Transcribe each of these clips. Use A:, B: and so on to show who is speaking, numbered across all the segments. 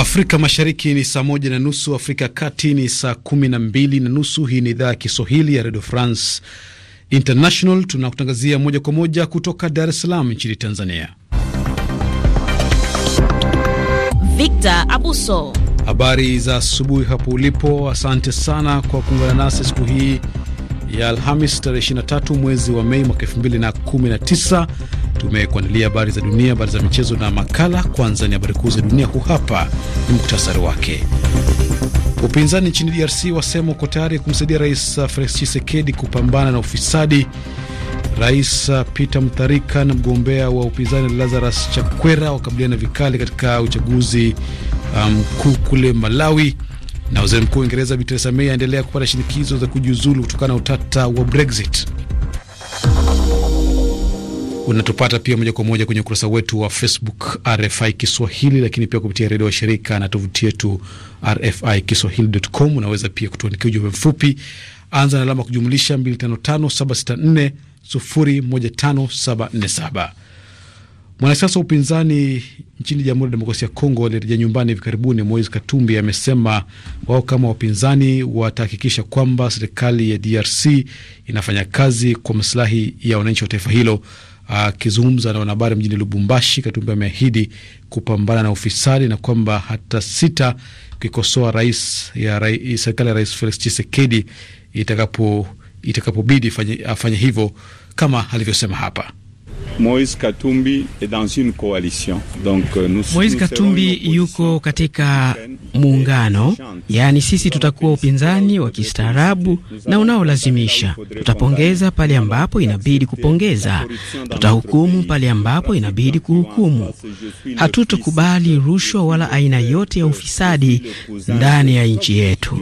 A: Afrika Mashariki ni saa moja na nusu, Afrika ya Kati ni saa kumi na mbili na nusu. Hii ni idhaa ya Kiswahili ya Radio France International. Tunakutangazia moja kwa moja kutoka Dar es Salaam nchini Tanzania.
B: Victor Abuso,
A: habari za asubuhi hapo ulipo. Asante sana kwa kuungana nasi siku hii ya Alhamis tarehe 23 mwezi wa Mei mwaka 2019. Tumekuandalia habari za dunia, habari za michezo na makala. Kwanza ni habari kuu za dunia, huu hapa ni muktasari wake. Upinzani nchini DRC wasema uko tayari kumsaidia Rais Felix Tshisekedi kupambana na ufisadi. Rais Peter Mutharika na mgombea wa upinzani Lazarus Chakwera wakabiliana vikali katika uchaguzi um, mkuu um, kule Malawi. Na waziri mkuu wa Uingereza Bi Theresa May aendelea kupata shinikizo za kujiuzulu kutokana na utata wa Brexit. Unatupata pia moja kwa moja kwenye ukurasa wetu wa Facebook RFI Kiswahili, lakini pia kupitia redio wa shirika na tovuti yetu RFI Kiswahili.com. Unaweza pia kutuandikia ujumbe mfupi, anza na alama kujumlisha 255 Mwanasiasa wa upinzani nchini Jamhuri ya Demokrasia ya Kongo alirejea nyumbani hivi karibuni, Moise Katumbi amesema wao kama wapinzani watahakikisha kwamba serikali ya DRC inafanya kazi kwa masilahi ya wananchi wa taifa hilo. Akizungumza na wanahabari mjini Lubumbashi, Katumbi ameahidi kupambana na ufisadi na kwamba hata sita kuikosoa rais ya rais, serikali ya rais Felix Tshisekedi itakapo itakapobidi afanye hivyo kama alivyosema hapa.
C: Moise Katumbi, est dans une coalition. Donc, nous, Moise Katumbi
D: yuko katika muungano, yaani sisi tutakuwa upinzani wa kistaarabu na unaolazimisha. Tutapongeza pale ambapo inabidi kupongeza, tutahukumu pale ambapo inabidi kuhukumu. hatutokubali rushwa wala aina yote ya ufisadi ndani ya nchi yetu,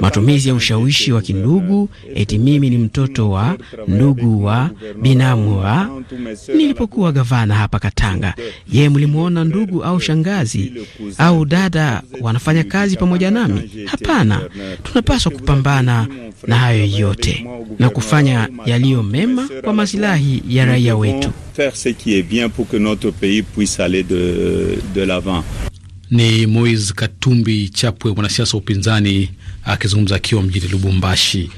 D: matumizi ya ushawishi wa kindugu, eti mimi ni mtoto wa ndugu wa binamu wa. Nilipokuwa gavana hapa Katanga, ye mlimwona ndugu au shangazi au dada wanafanya kufanya kazi pamoja nami? Hapana, tunapaswa kupambana na hayo yote na kufanya yaliyo mema kwa masilahi ya raia wetu. Ni Moise Katumbi
A: Chapwe, mwanasiasa wa upinzani akizungumza akiwa mjini Lubumbashi.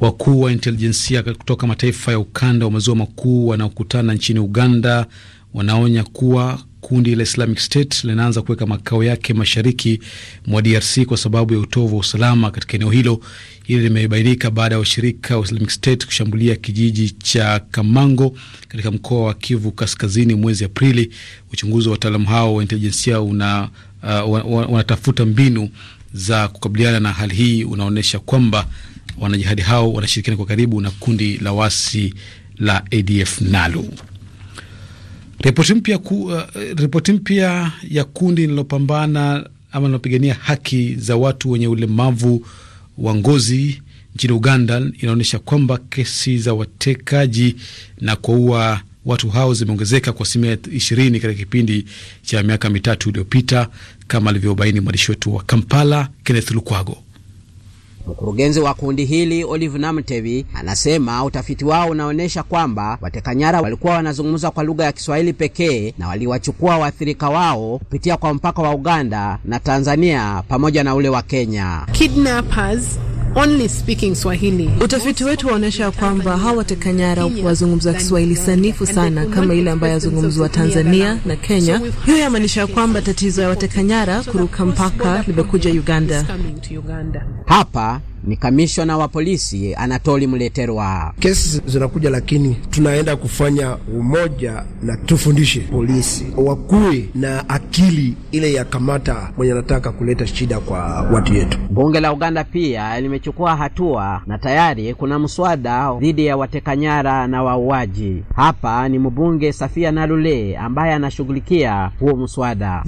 A: Wakuu wa intelijensia kutoka mataifa ya ukanda wa maziwa makuu wanaokutana nchini Uganda wanaonya kuwa kundi la Islamic State linaanza kuweka makao yake mashariki mwa DRC kwa sababu ya utovu wa usalama katika eneo hilo. Hili limebainika baada ya washirika wa Islamic State kushambulia kijiji cha Kamango katika mkoa wa Kivu Kaskazini mwezi Aprili. Uchunguzi wa wataalamu hao wa intelijensia una uh, wanatafuta mbinu za kukabiliana na hali hii, unaonyesha kwamba wanajihadi hao wanashirikiana kwa karibu na kundi la wasi la ADF NALU. Ripoti mpya ku, uh, ripoti mpya ya kundi linalopambana ama linalopigania haki za watu wenye ulemavu wa ngozi nchini Uganda inaonyesha kwamba kesi za watekaji na kuwaua watu hao zimeongezeka kwa asilimia ishirini katika kipindi cha miaka mitatu iliyopita, kama alivyobaini mwandishi wetu wa Kampala Kenneth Lukwago.
D: Mkurugenzi wa kundi hili Olive Namtevi anasema utafiti wao unaonyesha kwamba watekanyara walikuwa wanazungumza kwa lugha ya Kiswahili pekee na waliwachukua waathirika wao kupitia kwa mpaka wa Uganda na Tanzania pamoja na ule wa Kenya. Kidnappers Only speaking Swahili. Utafiti wetu waonyesha kwamba hawa watekanyara wazungumza Kiswahili sanifu sana kama ile ambayo yazungumzwa Tanzania na Kenya. Hiyo yamaanisha kwamba tatizo ya watekanyara kuruka mpaka limekuja Uganda. Hapa ni kamishona wa polisi Anatoli Mleterwa. Kesi zinakuja, lakini tunaenda kufanya umoja na tufundishe polisi wakuwe na akili ile ya kamata mwenye anataka kuleta shida kwa watu yetu. Bunge la Uganda pia lime wamechukua hatua na tayari kuna mswada dhidi ya watekanyara na wauaji. Hapa ni mbunge Safia Nalule ambaye anashughulikia huo mswada.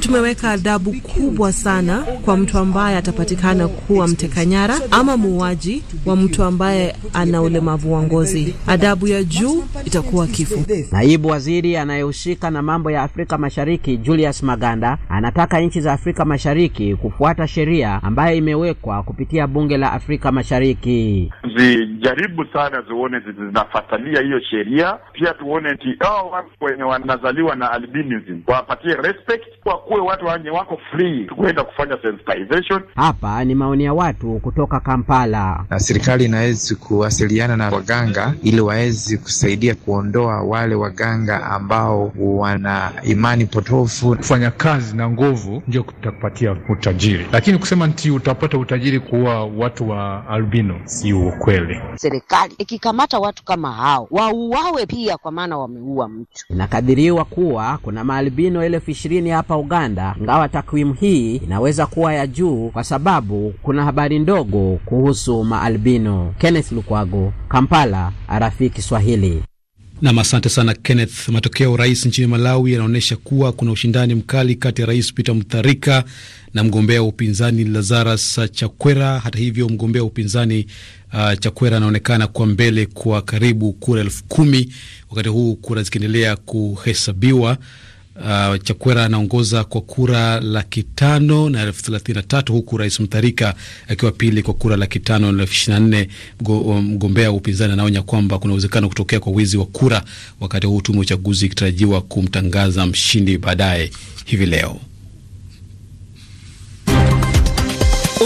D: Tumeweka adabu kubwa sana kwa mtu ambaye atapatikana kuwa mtekanyara ama muuaji wa mtu ambaye ana ulemavu wa ngozi. adabu ya juu itakuwa kifo. Naibu waziri anayehusika na mambo ya Afrika Mashariki Julius Maganda anataka nchi za Afrika Mashariki kufuata sheria ambayo imewekwa kupitia bunge bunge la Afrika Mashariki.
C: Zijaribu sana zione zinafatalia hiyo sheria, pia tuone ti hao oh, watu wenye wanazaliwa na albinism wapatie respect, wakuwe watu wenye wako free kuenda kufanya sensitization.
D: Hapa ni maoni ya watu kutoka Kampala. Na serikali inawezi
A: kuwasiliana na waganga ili wawezi kusaidia kuondoa wale waganga ambao wana
C: imani potofu. Kufanya kazi na nguvu ndio kutakupatia
A: utajiri, lakini kusema nti utapata utajiri kuwa watu wa albino si ukweli.
D: Serikali ikikamata watu kama hao wauawe pia, kwa maana wameua mtu. Inakadiriwa kuwa kuna maalbino elfu ishirini hapa Uganda, ingawa takwimu hii inaweza kuwa ya juu kwa sababu kuna habari ndogo kuhusu maalbino. Kenneth Lukwago, Kampala, Arafiki Kiswahili.
A: Nam, asante sana Kenneth. Matokeo ya urais nchini Malawi yanaonyesha kuwa kuna ushindani mkali kati ya Rais Peter Mutharika na mgombea wa upinzani Lazarus Chakwera. Hata hivyo, mgombea wa upinzani uh, Chakwera anaonekana kwa mbele kwa karibu kura elfu kumi wakati huu kura zikiendelea kuhesabiwa. Uh, Chakwera anaongoza kwa kura laki tano na elfu thelathini na tatu huku Rais Mutharika akiwa pili kwa kura laki tano na elfu ishirini na nne. Um, mgombea wa upinzani anaonya kwamba kuna uwezekano kutokea kwa wizi wa kura, wakati huu tume ya uchaguzi ikitarajiwa kumtangaza mshindi baadaye hivi leo.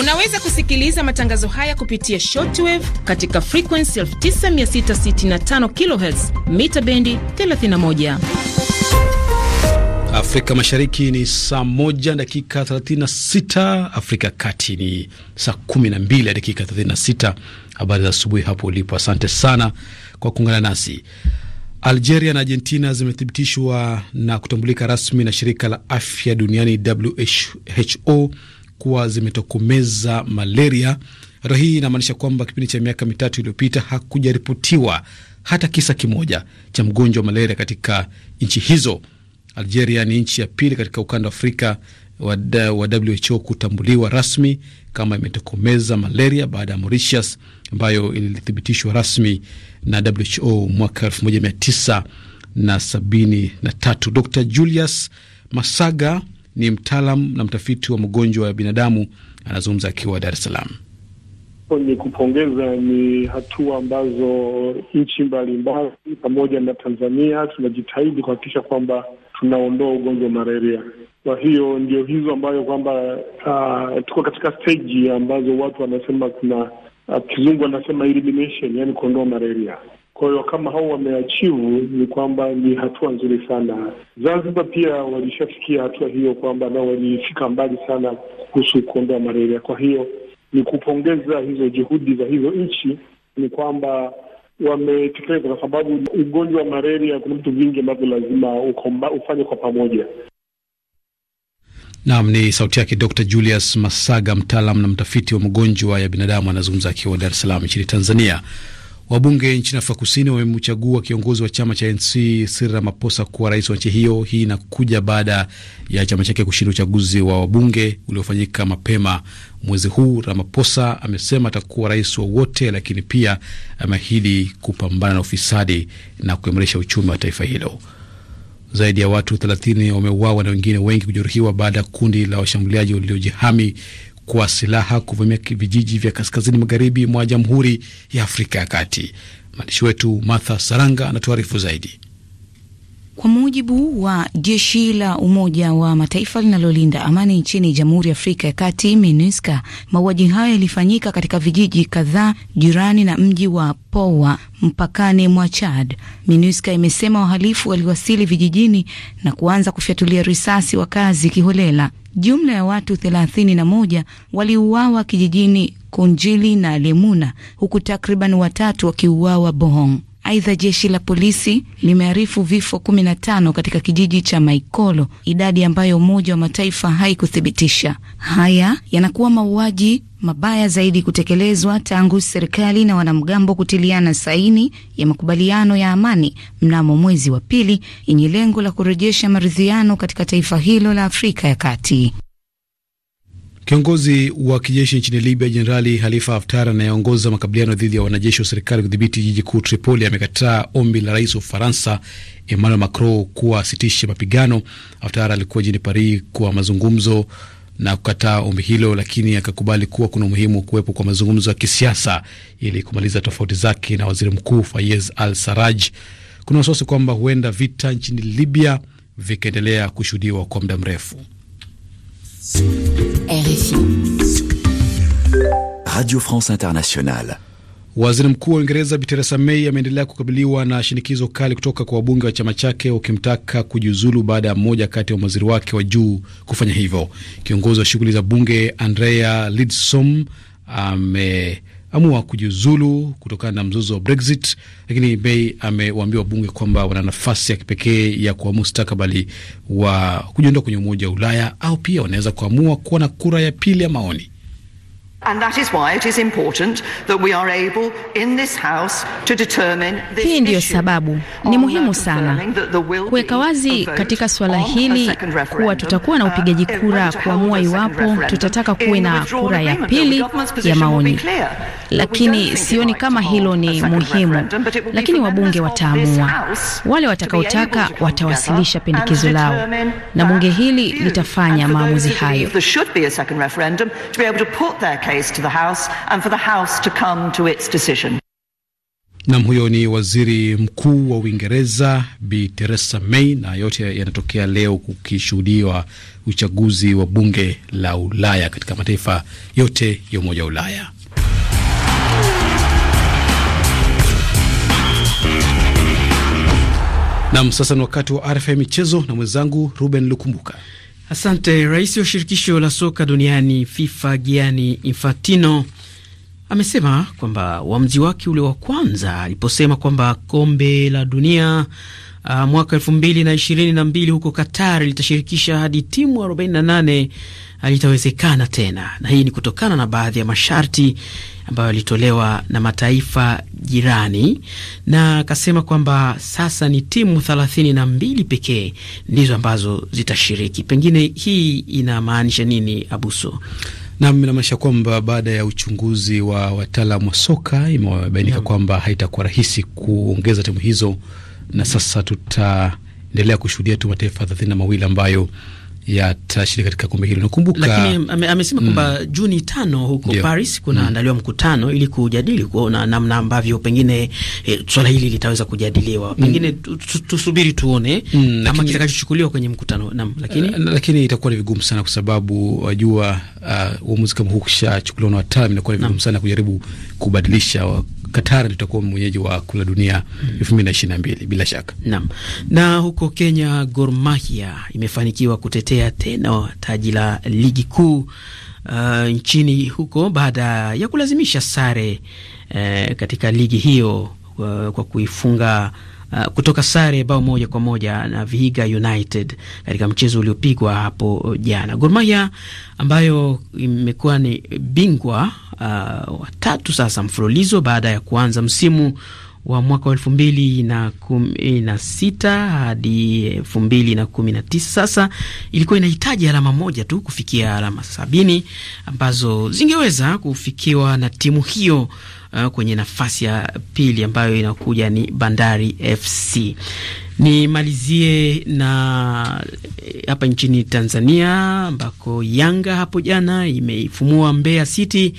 D: Unaweza kusikiliza matangazo haya kupitia shortwave katika frekuensi 9665 kHz mita bendi 31.
A: Afrika Mashariki ni saa moja dakika 36, Afrika Kati ni saa 12 dakika 36. Habari za asubuhi hapo ulipo, asante sana kwa kuungana nasi. Algeria na Argentina zimethibitishwa na kutambulika rasmi na shirika la afya duniani WHO kuwa zimetokomeza malaria. Hatua hii inamaanisha kwamba kipindi cha miaka mitatu iliyopita hakujaripotiwa hata kisa kimoja cha mgonjwa wa malaria katika nchi hizo. Algeria ni nchi ya pili katika ukanda wa Afrika wa WHO kutambuliwa rasmi kama imetokomeza malaria baada ya Mauritius ambayo ilithibitishwa rasmi na WHO mwaka 1973. Dr Julius Masaga ni mtaalam na mtafiti wa mgonjwa ya binadamu, anazungumza akiwa Dar es Salaam
C: kwenye kupongeza ni hatua ambazo nchi mbalimbali pamoja na Tanzania tunajitahidi kuhakikisha kwamba tunaondoa ugonjwa wa malaria. Kwa hiyo ndio hizo ambayo kwamba uh, tuko katika steji ambazo watu wanasema kuna uh, kizungu anasema elimination, yani kuondoa malaria. Kwa hiyo kama hao wameachivu, ni kwamba ni hatua nzuri sana. Zanzibar pia walishafikia hatua hiyo, kwamba nao walifika mbali sana kuhusu kuondoa malaria. Kwa hiyo ni kupongeza hizo juhudi za hizo nchi, ni kwamba wametekeleza, kwa sababu ugonjwa wa malaria kuna vitu vingi ambavyo lazima ufanye kwa pamoja.
A: Naam, ni sauti yake Dr. Julius Masaga, mtaalam na mtafiti wa magonjwa ya binadamu, anazungumza akiwa Dar es Salaam nchini Tanzania. Wabunge nchini Afrika Kusini wamemchagua kiongozi wa chama cha ANC Cyril Ramaphosa kuwa rais wa nchi hiyo. Hii inakuja baada ya chama chake kushinda uchaguzi wa wabunge uliofanyika mapema mwezi huu. Ramaphosa amesema atakuwa rais wowote, lakini pia ameahidi kupambana na ufisadi na kuimarisha uchumi wa taifa hilo. Zaidi ya watu 30 wameuawa na wengine wengi kujeruhiwa baada ya kundi la washambuliaji waliojihami kwa silaha kuvamia vijiji vya kaskazini magharibi mwa Jamhuri ya Afrika ya Kati. Mwandishi wetu Martha Saranga anatuarifu zaidi.
E: Kwa mujibu wa jeshi la Umoja wa Mataifa linalolinda amani nchini Jamhuri ya Afrika ya Kati, MINUSCA, mauaji hayo yalifanyika katika vijiji kadhaa jirani na mji wa Poa mpakani mwa Chad. MINUSCA imesema wahalifu waliwasili vijijini na kuanza kufyatulia risasi wakazi kiholela. Jumla ya watu thelathini na moja waliuawa kijijini Kunjili na Lemuna, huku takriban watatu wakiuawa Bohong. Aidha, jeshi la polisi limearifu vifo 15 katika kijiji cha Maikolo, idadi ambayo Umoja wa Mataifa haikuthibitisha. Haya yanakuwa mauaji mabaya zaidi kutekelezwa tangu serikali na wanamgambo kutiliana saini ya makubaliano ya amani mnamo mwezi wa pili yenye lengo la kurejesha maridhiano katika taifa hilo la Afrika ya Kati.
A: Kiongozi wa kijeshi nchini Libya, Jenerali Halifa Haftar anayeongoza makabiliano dhidi ya wanajeshi wa serikali kudhibiti jiji kuu Tripoli amekataa ombi la rais wa Ufaransa Emmanuel Macron kuwa asitishe mapigano. Haftar alikuwa jini Paris kwa mazungumzo na kukataa ombi hilo, lakini akakubali kuwa kuna umuhimu kuwepo kwa mazungumzo ya kisiasa ili kumaliza tofauti zake na waziri mkuu Fayez Al Saraj. Kuna wasiwasi kwamba huenda vita nchini Libya vikaendelea kushuhudiwa kwa muda mrefu.
E: RFI.
A: Radio France Internationale. Waziri Mkuu wa Uingereza Bi Theresa May ameendelea kukabiliwa na shinikizo kali kutoka kwa wabunge wa chama chake wakimtaka kujiuzulu baada ya mmoja kati ya waziri wake wa juu kufanya hivyo. Kiongozi wa shughuli za bunge Andrea Lidsom ame ameamua kujiuzulu kutokana na mzozo wa Brexit, lakini May amewaambia wabunge kwamba wana nafasi ya kipekee ya kuamua mustakabali wa kujiondoa kwenye Umoja wa Ulaya au pia wanaweza kuamua kuwa na kura ya pili
D: ya maoni.
E: Hii ndiyo sababu ni muhimu sana kuweka wazi katika suala hili kuwa tutakuwa na uh, upigaji kura kuamua iwapo tutataka kuwe na kura ya pili ya maoni, lakini sioni kama hilo ni muhimu, lakini wabunge wataamua. Wale watakaotaka watawasilisha pendekezo lao na bunge uh, hili litafanya maamuzi hayo
A: case to the House and for the House to come to its decision. Nam, huyo ni waziri mkuu wa Uingereza Bi Theresa May, na yote yanatokea leo kukishuhudiwa uchaguzi wa bunge la Ulaya katika mataifa yote ya Umoja wa Ulaya. Nam, sasa ni wakati wa RFI
D: michezo na mwenzangu Ruben Lukumbuka. Asante. Rais wa shirikisho la soka duniani FIFA Gianni Infantino amesema kwamba uamuzi wake ule wa kwanza aliposema kwamba kombe la dunia uh, mwaka elfu mbili na ishirini na mbili huko Qatar litashirikisha hadi timu 48 litawezekana tena, na hii ni kutokana na baadhi ya masharti ambayo alitolewa na mataifa jirani, na akasema kwamba sasa ni timu thelathini na mbili pekee ndizo ambazo zitashiriki. Pengine hii inamaanisha nini, Abuso? Nam, inamaanisha kwamba baada ya uchunguzi wa wataalam wa soka imebainika kwamba
A: haitakuwa rahisi kuongeza timu hizo, na sasa tutaendelea kushuhudia tu mataifa thelathini na mawili ambayo yatashiri katika kombe hilo. Nakumbuka lakini
D: ame, amesema kwamba mm, Juni tano huko Dio, Paris kunaandaliwa mm, mkutano ili kujadili kuona namna ambavyo pengine e, swala hili litaweza kujadiliwa mm. pengine mm, tusubiri tuone mm, kama kitakachochukuliwa kwenye mkutano nam, lakini uh, lakini
A: itakuwa ni vigumu sana kwa sababu wajua ah, uamuzi uh, kama huu kishachukuliwa na wataalamu inakuwa ni vigumu sana kujaribu kubadilisha wa, Qatar litakuwa
D: mwenyeji wa kula dunia hmm. elfu mbili na ishirini na mbili bila shaka. Naam, na huko Kenya, Gor Mahia imefanikiwa kutetea tena taji la ligi kuu uh, nchini huko baada ya kulazimisha sare uh, katika ligi hiyo uh, kwa kuifunga uh, kutoka sare bao moja kwa moja na Vihiga United katika mchezo uliopigwa hapo jana. Gor Mahia ambayo imekuwa ni bingwa uh, watatu sasa mfululizo baada ya kuanza msimu wa mwaka wa elfu mbili na kumi na sita hadi elfu mbili na kumi na tisa Sasa ilikuwa inahitaji alama moja tu kufikia alama sabini ambazo zingeweza kufikiwa na timu hiyo uh, kwenye nafasi ya pili ambayo inakuja ni Bandari FC. Nimalizie na eh, hapa nchini Tanzania ambako Yanga hapo jana imeifumua Mbeya City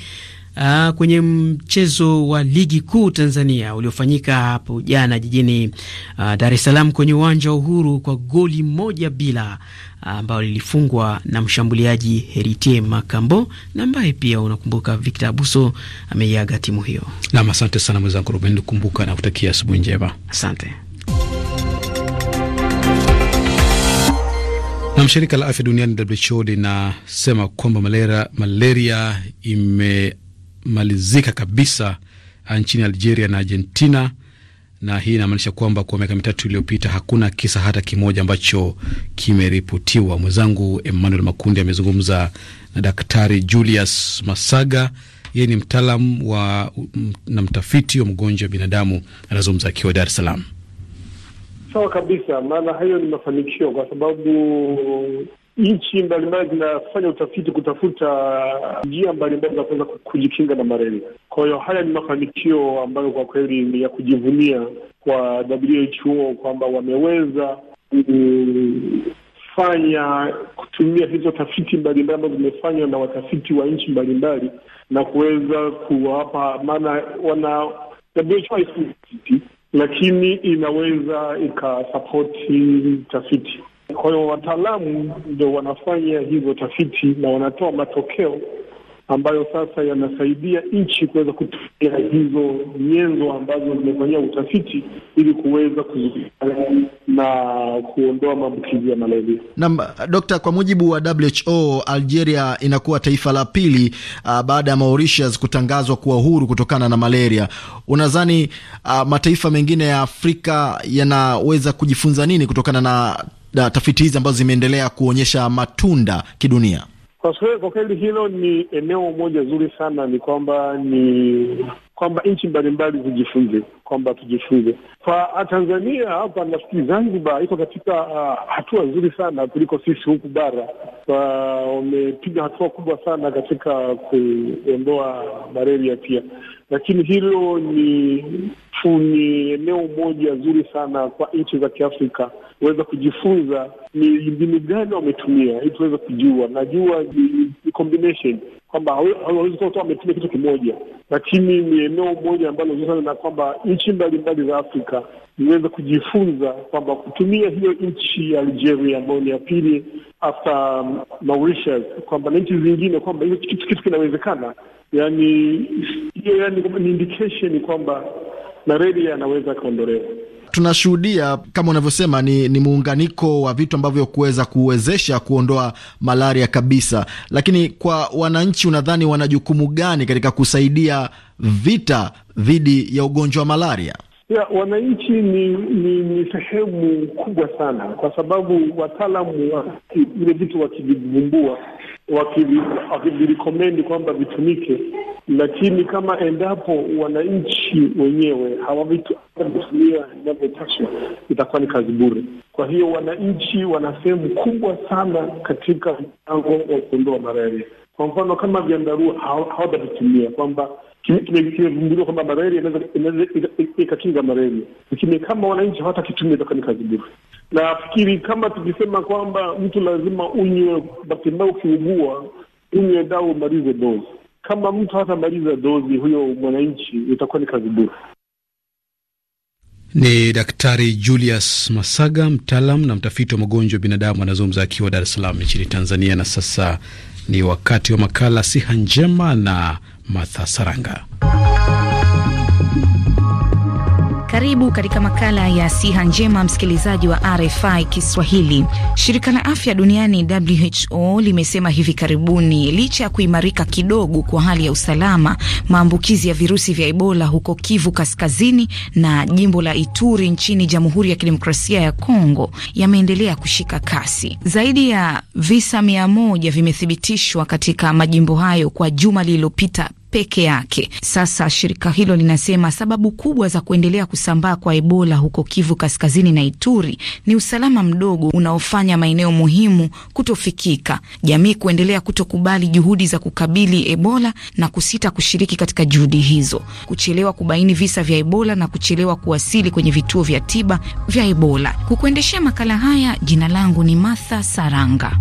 D: uh, kwenye mchezo wa ligi kuu Tanzania uliofanyika hapo jana jijini uh, Dar es Salaam kwenye uwanja wa Uhuru kwa goli moja bila ah, ambao lilifungwa na mshambuliaji Heritier Makambo na ambaye pia unakumbuka Victor Abuso ameiaga timu hiyo. Nam, asante sana mwenzangu Ruben, kumbuka na kutakia asubuhi njema. Asante.
A: Na shirika la afya duniani WHO linasema kwamba malaria, malaria ime kumalizika kabisa ah, nchini Algeria na Argentina, na hii inamaanisha kwamba kwa miaka mitatu iliyopita hakuna kisa hata kimoja ambacho kimeripotiwa. Mwenzangu Emmanuel Makundi amezungumza na Daktari Julius Masaga, yeye ni mtaalam wa na mtafiti wa mgonjwa wa binadamu, anazungumza akiwa Dar es Salaam.
C: Sawa kabisa, maana hayo ni mafanikio kwa sababu nchi mbalimbali zinafanya utafiti kutafuta njia mbalimbali za kuweza kujikinga na malaria. Kwa hiyo haya ni mafanikio ambayo kwa kweli ni ya kujivunia kwa WHO kwamba wameweza kufanya kutumia hizo tafiti mbalimbali ambazo zimefanywa na watafiti wa nchi mbalimbali na kuweza kuwapa, maana wana WHO lakini inaweza ikasapoti tafiti kwa hiyo wataalamu ndio wanafanya hizo tafiti na wanatoa matokeo ambayo sasa yanasaidia nchi kuweza kutumia hizo nyenzo ambazo zimefanyia utafiti ili kuweza kuzuia na kuondoa maambukizi ya malaria. Naam,
A: Dokta, kwa mujibu wa WHO Algeria inakuwa taifa la pili uh, baada ya Mauritius kutangazwa kuwa huru kutokana na malaria. Unadhani uh, mataifa mengine ya Afrika yanaweza kujifunza nini kutokana na da, tafiti hizi ambazo zimeendelea kuonyesha matunda kidunia?
C: Kwa kweli hilo ni eneo moja zuri sana, ni kwamba ni kwamba nchi mbalimbali zijifunze kwamba tujifunze kwa Tanzania hapa. Nafikiri Zanzibar iko katika uh, hatua nzuri sana kuliko sisi huku bara. Wamepiga hatua kubwa sana katika kuondoa malaria pia, lakini hilo ni alafu ni eneo moja zuri sana kwa nchi za Kiafrika kuweza kujifunza ni mbinu gani wametumia ili tuweze kujua. Najua ni, ni combination kwamba hawezi kuwa wametumia kitu kimoja, lakini ni eneo moja ambalo zuri sana na kwamba nchi mbalimbali za Afrika niweze kujifunza kwamba kutumia hiyo nchi ya Algeria ambayo ni ya pili after um, Mauritius, kwamba na nchi zingine kwamba hiyo kitu kinawezekana. Yani hiyo yani ni indication kwamba na reli yanaweza kuondolewa.
A: Tunashuhudia kama unavyosema, ni, ni muunganiko wa vitu ambavyo kuweza kuwezesha kuondoa malaria kabisa. Lakini kwa wananchi, unadhani wana jukumu gani katika kusaidia vita dhidi ya ugonjwa wa
C: malaria? Ya, wananchi ni ni, ni sehemu kubwa sana, kwa sababu wataalamu wa vile vitu wakivivumbua wakivirekomendi kwamba vitumike, lakini kama endapo wananchi wenyewe hawavitumia inavyopaswa itakuwa ni kazi bure. Kwa hiyo wananchi wana sehemu kubwa sana katika mpango wa kuondoa malaria. Kwa mfano kama vyandarua hawatavitumia kwamba kimekuja kwamba malaria inaweza ikakinga malaria, lakini kama wananchi hawatakitumia itakuwa ni kazi bure. Nafikiri kama tukisema kwamba mtu lazima unywe, bahati ukiugua unywe dawa umalize dozi, kama mtu hatamaliza dozi, huyo mwananchi itakuwa ni kazi bure.
A: Ni Daktari Julius Masaga, mtaalam na mtafiti wa magonjwa ya binadamu, anazungumza akiwa Dar es Salaam nchini Tanzania. Na sasa ni wakati wa makala Siha Njema na Martha Saranga.
E: Karibu katika makala ya siha njema, msikilizaji wa RFI Kiswahili. Shirika la afya duniani WHO limesema hivi karibuni, licha ya kuimarika kidogo kwa hali ya usalama, maambukizi ya virusi vya Ebola huko Kivu Kaskazini na jimbo la Ituri nchini Jamhuri ya Kidemokrasia ya Kongo yameendelea kushika kasi. Zaidi ya visa mia moja vimethibitishwa katika majimbo hayo kwa juma lililopita peke yake. Sasa shirika hilo linasema sababu kubwa za kuendelea kusambaa kwa Ebola huko Kivu Kaskazini na Ituri ni usalama mdogo unaofanya maeneo muhimu kutofikika, jamii kuendelea kutokubali juhudi za kukabili Ebola na kusita kushiriki katika juhudi hizo, kuchelewa kubaini visa vya Ebola na kuchelewa kuwasili kwenye vituo vya tiba vya Ebola. Kukuendeshea makala haya, jina langu ni Martha Saranga.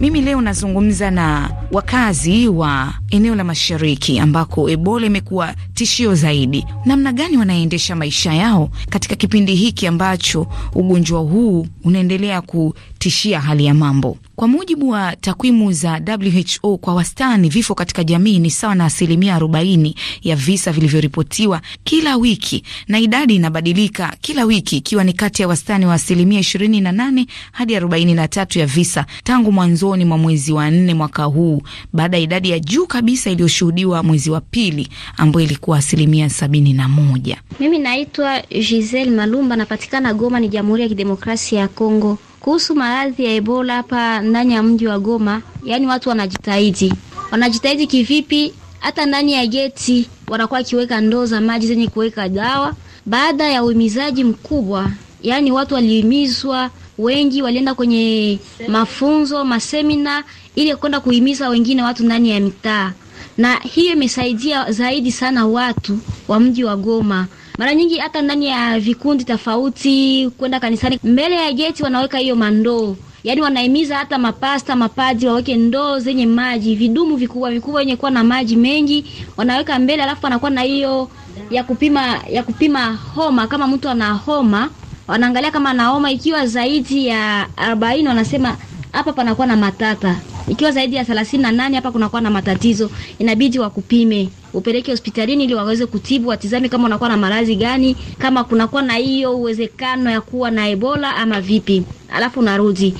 E: Mimi leo nazungumza na wakazi wa eneo la mashariki ambako Ebola imekuwa tishio zaidi. Namna gani wanaendesha maisha yao katika kipindi hiki ambacho ugonjwa huu unaendelea kutishia hali ya mambo? Kwa mujibu wa takwimu za WHO, kwa wastani vifo katika jamii ni sawa na asilimia 40 ya visa vilivyoripotiwa kila wiki, na idadi inabadilika kila wiki, ikiwa ni kati ya wastani wa asilimia 28 hadi 43 ya visa tangu mwanzo mwanzoni mwa mwezi wa nne mwaka huu baada ya idadi ya juu kabisa iliyoshuhudiwa mwezi wa pili ambayo ilikuwa asilimia sabini na moja.
B: Mimi naitwa Giselle Malumba, napatikana Goma, ni Jamhuri ya Kidemokrasia ya Kongo. Kuhusu maradhi ya Ebola hapa ndani ya mji wa Goma, yaani watu wanajitahidi. Wanajitahidi kivipi? Hata ndani ya geti wanakuwa akiweka ndoo za maji zenye kuweka dawa, baada ya uhimizaji mkubwa, yaani watu walihimizwa wengi walienda kwenye mafunzo masemina, ili kwenda kuhimiza wengine watu ndani ya mitaa, na hiyo imesaidia zaidi sana watu wa mji wa Goma. Mara nyingi hata ndani ya vikundi tofauti, kwenda kanisani, mbele ya geti wanaweka hiyo mandoo Yaani wanahimiza hata mapasta mapaji waweke ndoo zenye maji, vidumu vikubwa vikubwa yenye kuwa na maji mengi, wanaweka mbele, alafu wanakuwa na hiyo ya kupima ya kupima homa. Kama mtu ana homa, wanaangalia kama naoma ikiwa zaidi ya arobaini wanasema hapa panakuwa na matata. Ikiwa zaidi ya 38 hapa kunakuwa na matatizo, inabidi wakupime, upeleke hospitalini ili waweze kutibu, watizame kama unakuwa na maradhi gani, kama kunakuwa na hiyo uwezekano ya kuwa na Ebola ama vipi. Alafu narudi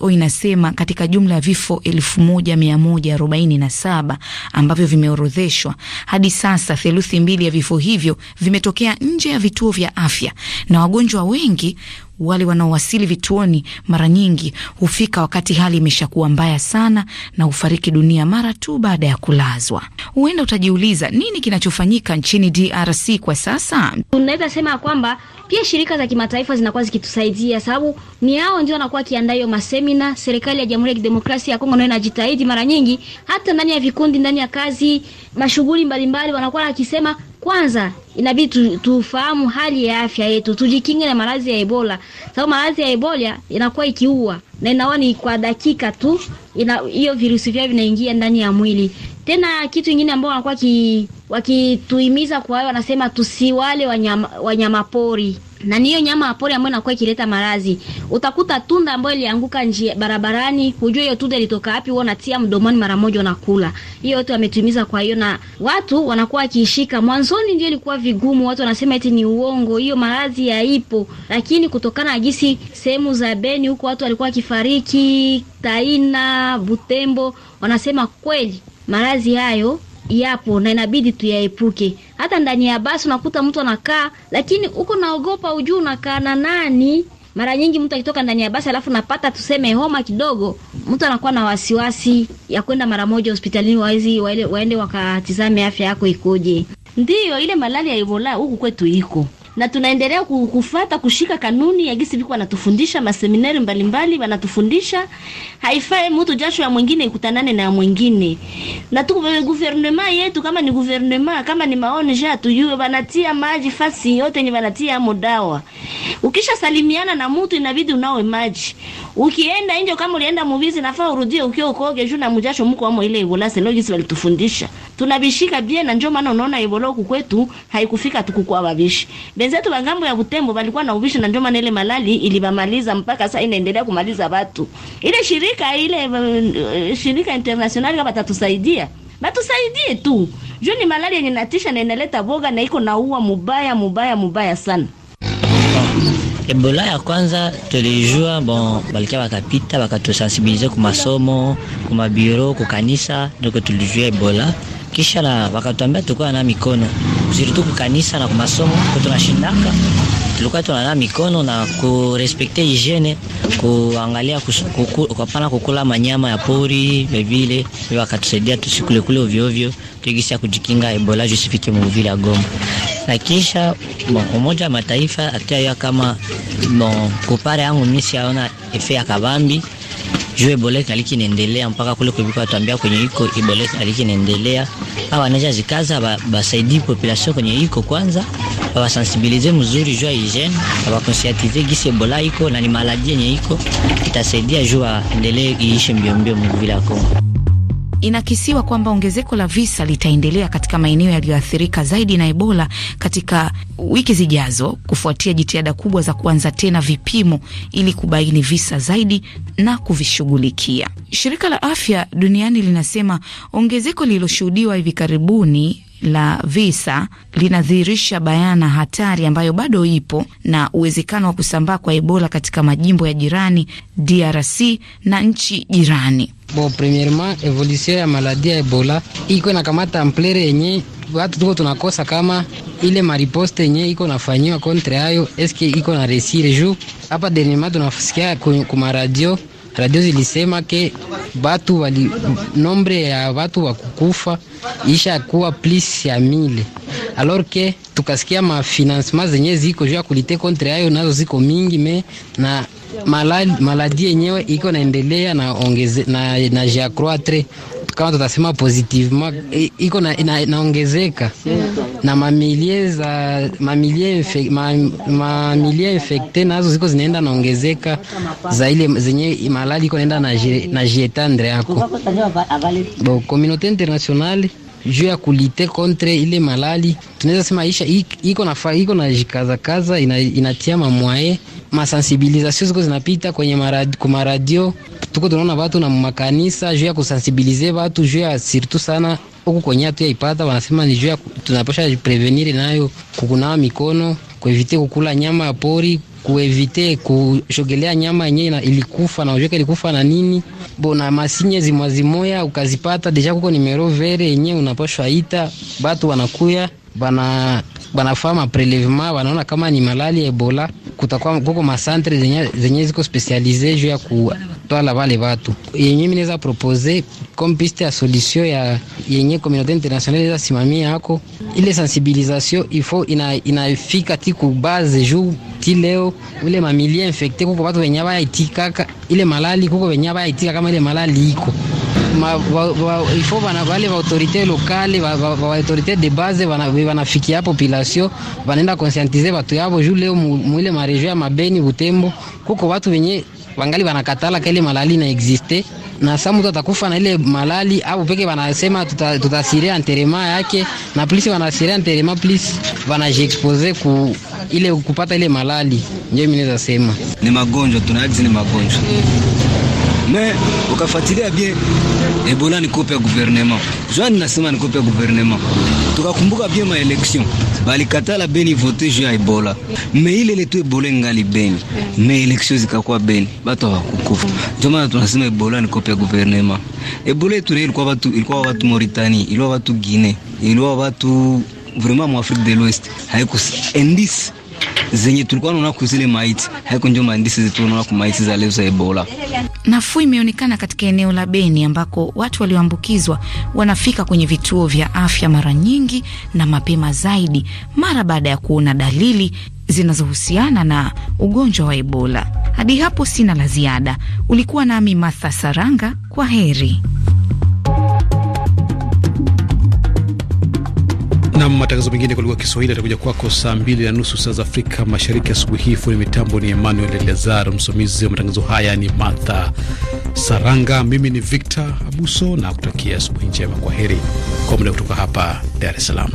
B: WHO inasema katika jumla ya
E: vifo 1147 ambavyo vimeorodheshwa hadi sasa, theluthi mbili ya vifo hivyo vimetokea nje ya vituo vya afya na wagonjwa wengi wale wanaowasili vituoni mara nyingi hufika wakati hali imeshakuwa mbaya sana na hufariki dunia mara tu baada ya kulazwa. Huenda utajiuliza nini kinachofanyika nchini DRC kwa sasa.
B: Tunaweza sema kwamba pia shirika za kimataifa zinakuwa zikitusaidia, sababu ni hao ndio wanakuwa wakiandaa hiyo masemina. Serikali ya Jamhuri ya Kidemokrasia ya Kongo nayo inajitahidi mara nyingi, hata ndani ya vikundi, ndani ya kazi, mashughuli mbalimbali, wanakuwa wakisema kwanza inabidi tufahamu hali ya afya yetu, tujikinge na maradhi ya Ebola, sababu maradhi ya Ebola inakuwa ikiua na inaua ni kwa dakika tu, hiyo virusi vyao vinaingia ndani ya mwili. Tena kitu kingine ambao wanakuwa wakituhimiza kwa wao, wanasema tusiwale wanyama, wanyama pori na ni hiyo nyama ya pori ambayo inakuwa ikileta maradhi. Utakuta tunda ambayo ilianguka njia barabarani, hujua hiyo tunda ilitoka wapi, wewe unatia mdomoni mara moja unakula. Hiyo yote wametimiza kwa hiyo na watu wanakuwa wakishika. Mwanzoni ndio ilikuwa vigumu, watu wanasema eti ni uongo, hiyo maradhi haipo, lakini kutokana na jinsi sehemu za Beni huko watu walikuwa wakifariki Taina, Butembo, wanasema kweli maradhi hayo yapo na inabidi tuyaepuke. Hata ndani ya basi unakuta mtu anakaa, lakini huko naogopa, ujuu unakaa na nani? Mara nyingi mtu akitoka ndani ya basi alafu napata tuseme homa kidogo, mtu anakuwa na wasiwasi ya kwenda mara moja hospitalini, wawezi waende wakatizame afya yako ikoje. Ndiyo ile malaria ya Ebola huku kwetu iko na tunaendelea kufuata kushika kanuni ya gisi viko wanatufundisha maseminari mbalimbali wanatufundisha. Haifai mtu jasho ya mwingine ikutanane na ya mwingine, na tuko kwa gouvernement yetu, kama ni gouvernement, kama ni maoni ja tuyue, wanatia maji fasi yote ni wanatia amo dawa. Ukisha salimiana na mtu inabidi unawe maji. Ukienda nje kama ulienda mubizi nafaa urudie ukiwa ukoge juu na mjasho mko amo ile ibola selo gisi walitufundisha. Tunabishika bien na njoo maana unaona ibola huku kwetu haikufika tukukua babishi. Benzetu bangambo ya Butembo balikuwa na ubishi na ndio maana ile malali ilibamaliza mpaka sasa inaendelea kumaliza watu. Ile shirika ile eh, shirika international kama tatusaidia. Batusaidie tu. Juu ni malali yenye natisha na inaleta boga na iko naua mubaya mubaya mubaya sana. Ebola ya kwanza tulijua bon, balikia bakapita bakatusensibilize kumasomo kumabiro kukanisa, ndio tulijua Ebola kisha na wakatuambia tulikuwa na mikono tu kukanisa na kumasomo kutunashindaka tulikuwa tunana mikono na kurespekte hygiene, kuangalia kupana kukula manyama ya pori vile vile, wakatusaidia tusikule kule ovyo ovyo, tuigisia kujikinga Ebola jusifike muvile ya Goma. Na kisha Umoja wa Mataifa atiaya kama kupare yangu misi aona efe ya kabambi juu aliki alikinaendelea mpaka kule kulikuwa tuambia kwenye iko aliki alikinaendelea, au anaja zikaza basaidi population kwenye iko kwanza, bawasensibilize mzuri juu ya hygiene, bawakonsiatize gisi Ebola iko na ni maladie yenye iko itasaidia juu endelee iishi mbio mbio mvila
F: Kongo.
E: Inakisiwa kwamba ongezeko la visa litaendelea katika maeneo yaliyoathirika zaidi na Ebola katika wiki zijazo, kufuatia jitihada kubwa za kuanza tena vipimo ili kubaini visa zaidi na kuvishughulikia. Shirika la Afya Duniani linasema ongezeko lililoshuhudiwa hivi karibuni la visa linadhihirisha bayana hatari ambayo bado ipo na uwezekano wa kusambaa kwa Ebola katika majimbo ya jirani DRC na nchi jirani.
G: Bo, premierement evolution ya maladi ya Ebola iko inakamata mplere amplere yenye watu tuko tunakosa kama ile mariposte yenye iko nafanyiwa kontre ayo, eske iko na resire ju hapa denima tunasikia kumaradio radio zilisema ke batu wali nombre ya batu wa kukufa isha kuwa plus ya mile alors ke tukasikia mafinansema zenye ziko jua ya kulite kontre ayo nazo ziko mingi me na maladi yenyewe iko naendelea na ongeze na, na, na kama tutasema positivement iko na, inaongezeka na mamilie za mamilie mamilie infekte nazo ziko zinaenda naongezeka za ile zenye malali iko naenda na jietandre yako bo komunote internationale juu ya kulite kontre ile malali tunaweza sema isha iko na jikazakaza inatia mamwae masensibilisation ziko zinapita kwenye maradi, kumaradio tuko tunaona watu na makanisa juu ya kusensibilize watu juu ya sirtu sana huku kwenye hatu yaipata, wanasema ni juu ya tunapasha prevenir nayo kukunawa mikono, kuevite kukula nyama ya pori, kuevite kushogelea nyama yenye ilikufa na ujeka ilikufa na nini bona masinye zimwazimoya ukazipata deja kuko nimero vere yenye unapashwa ita batu wanakuya bana banafaa maprelevema wanaona kama ni malali ya Ebola kutakuwa kuko masantre zenye, zenye ziko spesialize juu ya kutwala wale watu yenye naweza propose comme piste ya solution ya yenye komunote internationale za simamia yako ile sensibilisation ifo ina, inafika ti kubaze juu ti leo ule mamilia infecte kuko watu wenye baya itikaka ile malali kuko wenye baya kama ile malali iko ifo wale vaautorite lokale vaautorite de base vanafikia population vanaenda konsiantize watu yavo juu leo mwile maregio ya mabeni Butembo kuko watu wenye wangali wanakatala kaile malali na existe na saa mtu atakufa na ile malali au peke, wanasema tutasiria anterema yake na plisi wanasiria anterema plisi wanajiexpose ku ile kupata ile malali. Ndio mimi naweza sema ni magonjwa tunaaji, ni magonjwa me ukafuatilia bien Ebola ni kope ya gouvernement jwani, nasema ni kope ya gouvernement. Tukakumbuka bien ma election balikatala beni vote juu ya Ebola, me ile letu Ebola ngali beni, me election zikakuwa beni, batu hawakukufa. Ndio maana tunasema Ebola ni kope ya gouvernement. Ebola yetu ilikuwa watu, ilikuwa watu Mauritania, ilikuwa watu Guinea, ilikuwa watu vraiment mu Afrique de l'Ouest indice zenye tulikuwa tunaona kuzile maiti haiko ndio maandishi zetu tunaona kwa maiti za leo za Ebola.
E: Nafuu imeonekana katika eneo la Beni ambako watu walioambukizwa wanafika kwenye vituo vya afya mara nyingi na mapema zaidi mara baada ya kuona dalili zinazohusiana na ugonjwa wa Ebola. Hadi hapo sina la ziada. Ulikuwa nami Martha Saranga, kwa heri.
C: na
A: matangazo mengine kwa lugha ya Kiswahili yatakuja kwako saa mbili na nusu saa za Afrika Mashariki asubuhi hii. Fundi mitambo ni Emmanuel Lazar, msimamizi wa matangazo haya ni Martha Saranga, mimi ni Victor Abuso na kutakia asubuhi njema. Kwa heri kwa muda kutoka hapa Dar es Salaam.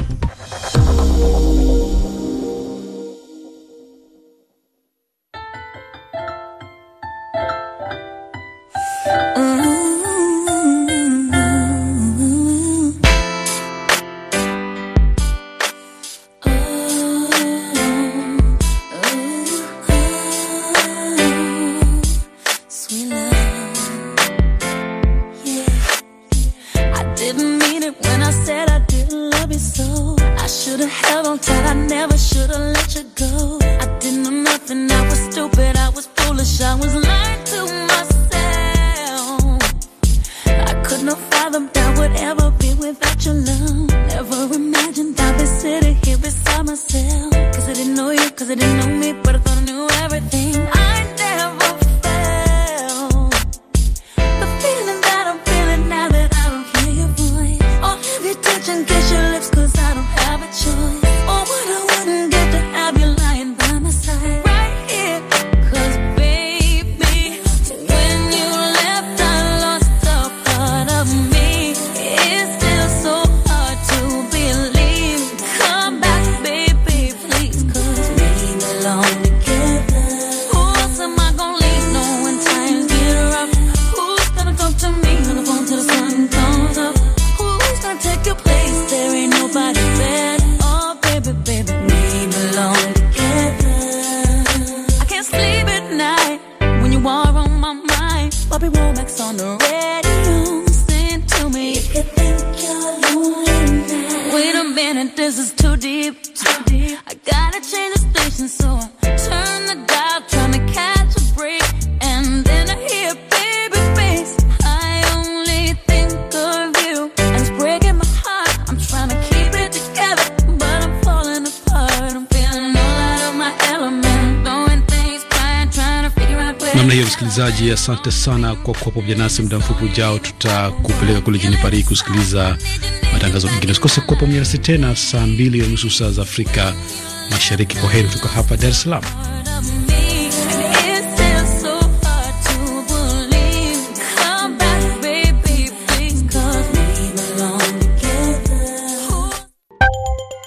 A: msikilizaji, asante sana kwa kuwa pamoja nasi. Muda mfupi ujao, tutakupeleka kule jini Paris kusikiliza matangazo mengine. Usikose kuwa pamoja nasi tena saa mbili ya nusu saa za Afrika Mashariki. Kwa heri kutoka hapa Dar es Salaam.